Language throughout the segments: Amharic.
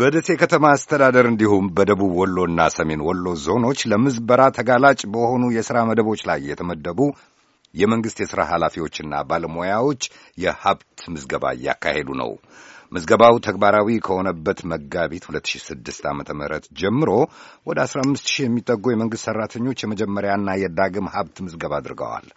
በደሴ ከተማ አስተዳደር እንዲሁም በደቡብ ወሎና ሰሜን ወሎ ዞኖች ለምዝበራ ተጋላጭ በሆኑ የሥራ መደቦች ላይ የተመደቡ የመንግሥት የሥራ ኃላፊዎችና ባለሙያዎች የሀብት ምዝገባ እያካሄዱ ነው። ምዝገባው ተግባራዊ ከሆነበት መጋቢት 2006 ዓ ም ጀምሮ ወደ 15 ሺህ የሚጠጉ የመንግሥት ሠራተኞች የመጀመሪያና የዳግም ሀብት ምዝገባ አድርገዋል።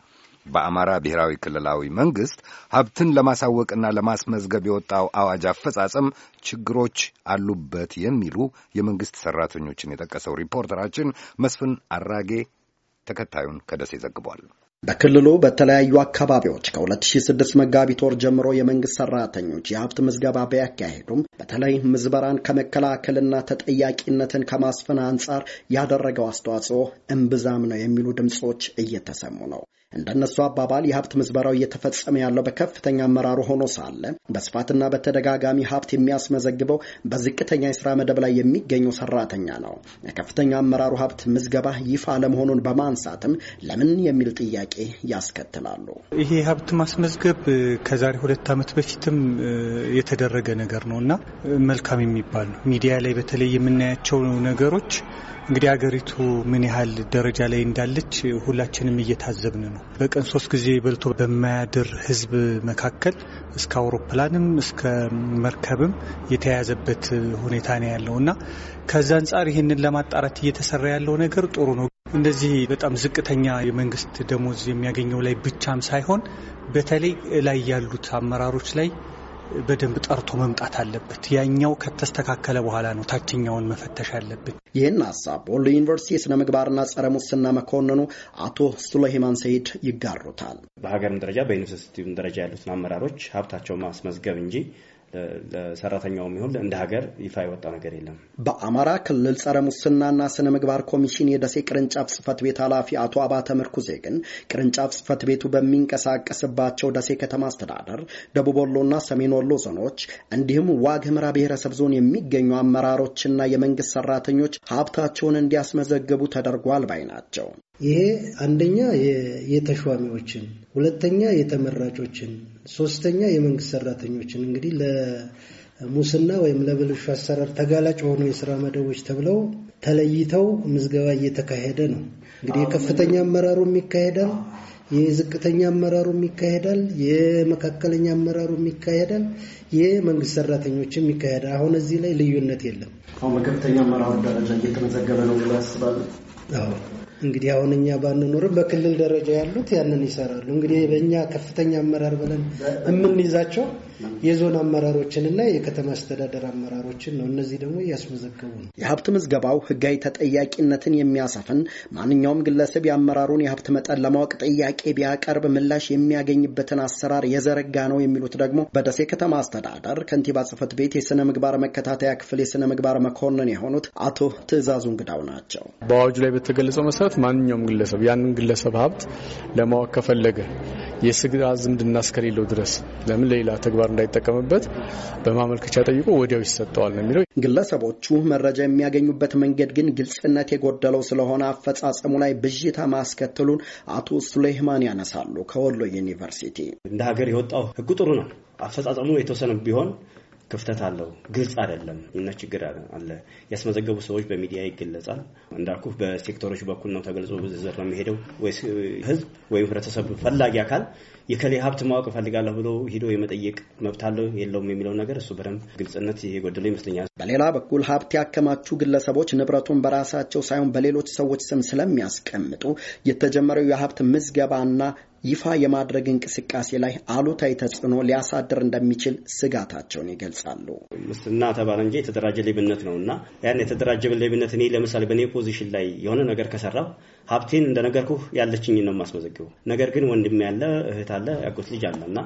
በአማራ ብሔራዊ ክልላዊ መንግሥት ሀብትን ለማሳወቅና ለማስመዝገብ የወጣው አዋጅ አፈጻጸም ችግሮች አሉበት የሚሉ የመንግሥት ሠራተኞችን የጠቀሰው ሪፖርተራችን መስፍን አራጌ ተከታዩን ከደሴ ዘግቧል። በክልሉ በተለያዩ አካባቢዎች ከ2006 መጋቢት ወር ጀምሮ የመንግስት ሰራተኞች የሀብት ምዝገባ ቢያካሄዱም በተለይ ምዝበራን ከመከላከልና ተጠያቂነትን ከማስፈን አንጻር ያደረገው አስተዋጽኦ እምብዛም ነው የሚሉ ድምፆች እየተሰሙ ነው። እንደነሱ አባባል የሀብት ምዝበራው እየተፈጸመ ያለው በከፍተኛ አመራሩ ሆኖ ሳለ በስፋትና በተደጋጋሚ ሀብት የሚያስመዘግበው በዝቅተኛ የስራ መደብ ላይ የሚገኘው ሰራተኛ ነው። የከፍተኛ አመራሩ ሀብት ምዝገባ ይፋ አለመሆኑን በማንሳትም ለምን የሚል ጥያቄ ያስከትላሉ። ይሄ ሀብት ማስመዝገብ ከዛሬ ሁለት ዓመት በፊትም የተደረገ ነገር ነው እና መልካም የሚባል ነው። ሚዲያ ላይ በተለይ የምናያቸው ነገሮች እንግዲህ ሀገሪቱ ምን ያህል ደረጃ ላይ እንዳለች ሁላችንም እየታዘብን ነው። በቀን ሶስት ጊዜ በልቶ በማያድር ህዝብ መካከል እስከ አውሮፕላንም እስከ መርከብም የተያያዘበት ሁኔታ ነው ያለው እና ከዛ አንጻር ይህንን ለማጣራት እየተሰራ ያለው ነገር ጥሩ ነው። እንደዚህ በጣም ዝቅተኛ የመንግስት ደሞዝ የሚያገኘው ላይ ብቻም ሳይሆን በተለይ ላይ ያሉት አመራሮች ላይ በደንብ ጠርቶ መምጣት አለበት። ያኛው ከተስተካከለ በኋላ ነው ታችኛውን መፈተሽ አለብን። ይህን ሀሳብ በወሎ ዩኒቨርሲቲ የሥነ ምግባርና ጸረ ሙስና መኮንኑ አቶ ሱለይማን ሰይድ ይጋሩታል። በሀገርም ደረጃ በዩኒቨርሲቲውም ደረጃ ያሉትን አመራሮች ሀብታቸው ማስመዝገብ እንጂ ለሰራተኛው የሚሆን እንደ ሀገር ይፋ የወጣ ነገር የለም። በአማራ ክልል ጸረ ሙስናና ስነ ምግባር ኮሚሽን የደሴ ቅርንጫፍ ጽህፈት ቤት ኃላፊ አቶ አባተ ምርኩዜ ግን ቅርንጫፍ ጽህፈት ቤቱ በሚንቀሳቀስባቸው ደሴ ከተማ አስተዳደር፣ ደቡብ ወሎና ሰሜን ወሎ ዞኖች እንዲሁም ዋግ ኽምራ ብሔረሰብ ዞን የሚገኙ አመራሮችና የመንግስት ሰራተኞች ሀብታቸውን እንዲያስመዘግቡ ተደርጓል ባይ ናቸው። ይሄ አንደኛ የተሿሚዎችን፣ ሁለተኛ የተመራጮችን፣ ሶስተኛ የመንግስት ሰራተኞችን እንግዲህ ለሙስና ወይም ለብልሹ አሰራር ተጋላጭ የሆኑ የስራ መደቦች ተብለው ተለይተው ምዝገባ እየተካሄደ ነው። እንግዲህ የከፍተኛ አመራሩም ይካሄዳል፣ የዝቅተኛ አመራሩም ይካሄዳል፣ የመካከለኛ አመራሩም ይካሄዳል፣ የመንግስት ሰራተኞችም ይካሄዳል። አሁን እዚህ ላይ ልዩነት የለም። አሁን በከፍተኛ አመራሩ ደረጃ እየተመዘገበ ነው ያስባሉ። እንግዲህ አሁን እኛ ባንኖርም በክልል ደረጃ ያሉት ያንን ይሰራሉ። እንግዲህ በእኛ ከፍተኛ አመራር ብለን የምንይዛቸው የዞን አመራሮችን እና የከተማ አስተዳደር አመራሮችን ነው። እነዚህ ደግሞ እያስመዘገቡ ነው። የሀብት ምዝገባው ህጋዊ ተጠያቂነትን የሚያሰፍን ማንኛውም ግለሰብ የአመራሩን የሀብት መጠን ለማወቅ ጥያቄ ቢያቀርብ ምላሽ የሚያገኝበትን አሰራር የዘረጋ ነው የሚሉት ደግሞ በደሴ ከተማ አስተዳደር ከንቲባ ጽህፈት ቤት የስነ ምግባር መከታተያ ክፍል የስነ ምግባር መኮንን የሆኑት አቶ ትዕዛዙ እንግዳው ናቸው። በአዋጁ ላይ በተገለጸው መሰረት ምክንያት ማንኛውም ግለሰብ ያንን ግለሰብ ሀብት ለማወቅ ከፈለገ የስጋ ዝምድና እስከሌለው ድረስ ለምን ለሌላ ተግባር እንዳይጠቀምበት በማመልከቻ ጠይቆ ወዲያው ይሰጠዋል ነው የሚለው። ግለሰቦቹ መረጃ የሚያገኙበት መንገድ ግን ግልጽነት የጎደለው ስለሆነ አፈጻጸሙ ላይ ብዥታ ማስከተሉን አቶ ሱሌይማን ያነሳሉ። ከወሎ ዩኒቨርሲቲ እንደ ሀገር የወጣው ህጉ ጥሩ ነው። አፈጻጸሙ የተወሰነ ቢሆን ክፍተት አለው። ግልጽ አይደለም እና ችግር አለ። ያስመዘገቡ ሰዎች በሚዲያ ይገለጻል። እንዳልኩህ በሴክተሮች በኩል ነው ተገልጾ ዝርዝር ነው የሚሄደው። ህዝብ ወይም ህብረተሰብ ፈላጊ አካል የከሌ ሀብት ማወቅ እፈልጋለሁ ብሎ ሂዶ የመጠየቅ መብት አለው የለውም የሚለው ነገር እሱ በደንብ ግልጽነት የጎደለው ይመስለኛል። በሌላ በኩል ሀብት ያከማቹ ግለሰቦች ንብረቱን በራሳቸው ሳይሆን በሌሎች ሰዎች ስም ስለሚያስቀምጡ የተጀመረው የሀብት ምዝገባና ይፋ የማድረግ እንቅስቃሴ ላይ አሉታዊ ተጽዕኖ ሊያሳድር እንደሚችል ስጋታቸውን ይገልጻሉ። ሙስና ተባለ እንጂ የተደራጀ ሌብነት ነው እና ያን የተደራጀ ሌብነት እኔ ለምሳሌ በእኔ ፖዚሽን ላይ የሆነ ነገር ከሰራው ሀብቴን እንደነገርኩ ያለችኝ ነው የማስመዘግበው። ነገር ግን ወንድም ያለ እህት አለ ያጎት ልጅ አለ እና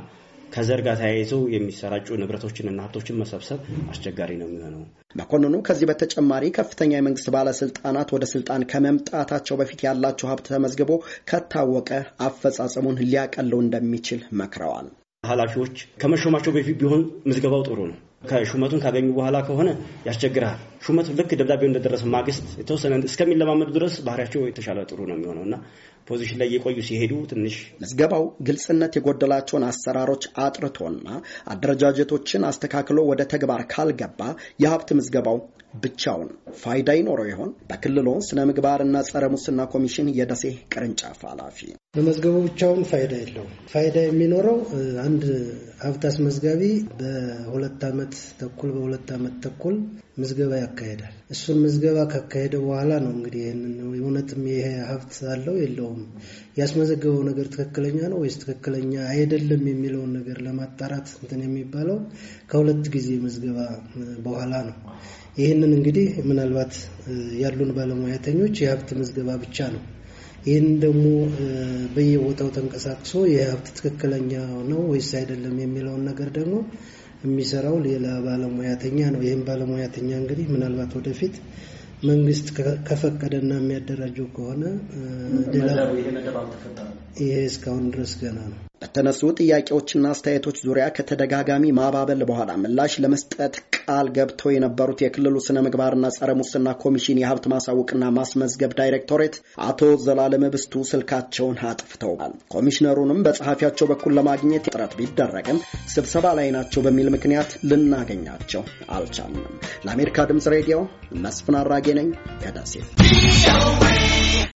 ከዘር ጋር ተያይዘው የሚሰራጩ ንብረቶችንና ሀብቶችን መሰብሰብ አስቸጋሪ ነው የሚሆነው። መኮንኑ ከዚህ በተጨማሪ ከፍተኛ የመንግስት ባለስልጣናት ወደ ስልጣን ከመምጣታቸው በፊት ያላቸው ሀብት ተመዝግቦ ከታወቀ አፈጻጸሙን ሊያቀለው እንደሚችል መክረዋል። ኃላፊዎች ከመሾማቸው በፊት ቢሆን ምዝገባው ጥሩ ነው። ከሹመቱን ካገኙ በኋላ ከሆነ ያስቸግራል። ሹመቱ ልክ ደብዳቤው እንደደረሰ ማግስት የተወሰነ እስከሚለማመዱ ድረስ ባህሪያቸው የተሻለ ጥሩ ነው የሚሆነው እና ፖዚሽን ላይ የቆዩ ሲሄዱ ትንሽ ምዝገባው ግልጽነት የጎደላቸውን አሰራሮች አጥርቶና አደረጃጀቶችን አስተካክሎ ወደ ተግባር ካልገባ የሀብት ምዝገባው ብቻውን ፋይዳ ይኖረው ይሆን? በክልሉ ስነ ምግባርና ጸረ ሙስና ኮሚሽን የደሴ ቅርንጫፍ ኃላፊ በመዝገቡ ብቻውን ፋይዳ የለውም። ፋይዳ የሚኖረው አንድ ሀብት አስመዝጋቢ በሁለት ዓመት ተኩል በሁለት ዓመት ተኩል ምዝገባ ያካሄዳል። እሱን ምዝገባ ካካሄደ በኋላ ነው እንግዲህ ይህንን እውነትም ይሄ ሀብት አለው የለውም፣ ያስመዘገበው ነገር ትክክለኛ ነው ወይስ ትክክለኛ አይደለም የሚለውን ነገር ለማጣራት እንትን የሚባለው ከሁለት ጊዜ ምዝገባ በኋላ ነው። ይህንን እንግዲህ ምናልባት ያሉን ባለሙያተኞች የሀብት ምዝገባ ብቻ ነው ይህን ደግሞ በየቦታው ተንቀሳቅሶ የሀብት ትክክለኛ ነው ወይስ አይደለም የሚለውን ነገር ደግሞ የሚሰራው ሌላ ባለሙያተኛ ነው። ይህም ባለሙያተኛ እንግዲህ ምናልባት ወደፊት መንግስት ከፈቀደና የሚያደራጀው ከሆነ ይሄ እስካሁን ድረስ ገና ነው። በተነሱ ጥያቄዎችና አስተያየቶች ዙሪያ ከተደጋጋሚ ማባበል በኋላ ምላሽ ለመስጠት ቃል ገብተው የነበሩት የክልሉ ስነ ምግባርና ጸረ ሙስና ኮሚሽን የሀብት ማሳወቅና ማስመዝገብ ዳይሬክቶሬት አቶ ዘላለም ብስቱ ስልካቸውን አጥፍተዋል። ኮሚሽነሩንም በጸሐፊያቸው በኩል ለማግኘት ጥረት ቢደረግም ስብሰባ ላይ ናቸው በሚል ምክንያት ልናገኛቸው አልቻልንም። ለአሜሪካ ድምፅ ሬዲዮ መስፍን አራጌ ነኝ ከደሴ